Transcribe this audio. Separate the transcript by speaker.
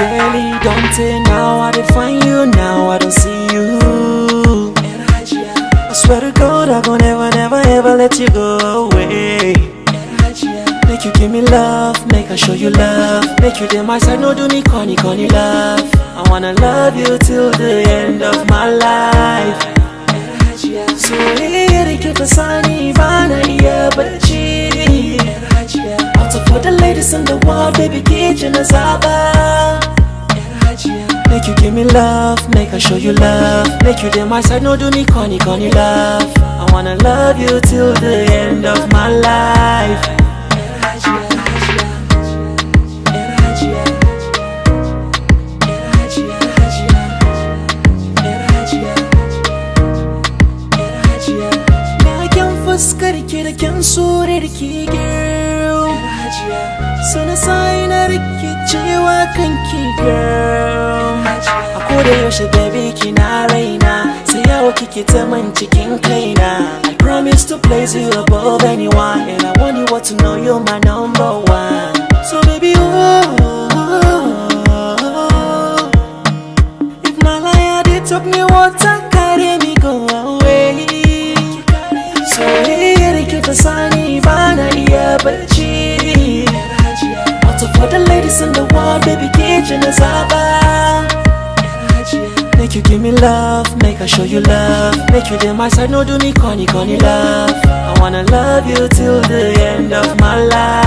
Speaker 1: Really don't take now I define you now I don't see you I swear to God I gon' never never ever let you go away Make you give me love, make I show you love Make you do my side, no do me corny corny love I wanna love you till the end of my life So here to keep the sunny vana yeah but cheating Also for the ladies in the world baby kitchen is all you give me love, make I show you love. Make you dey my side, no do me corny corny love. I wanna love you till the end of my life. fuskarki da kyan surarki girl kanki girl da yaushe baby kina raina sai yau kike ta man cikin kaina I promise to place you above anyone and I want you all to know you're my number one so baby oh, oh, oh. if na lie I did took me water carry me go away so hey rike ta sani bana iya bacci Wata for the ladies in the world baby ke na zaba Make you give me love, make I show you love Make you do my side, no do me corny, corny love I wanna love you till the end of my life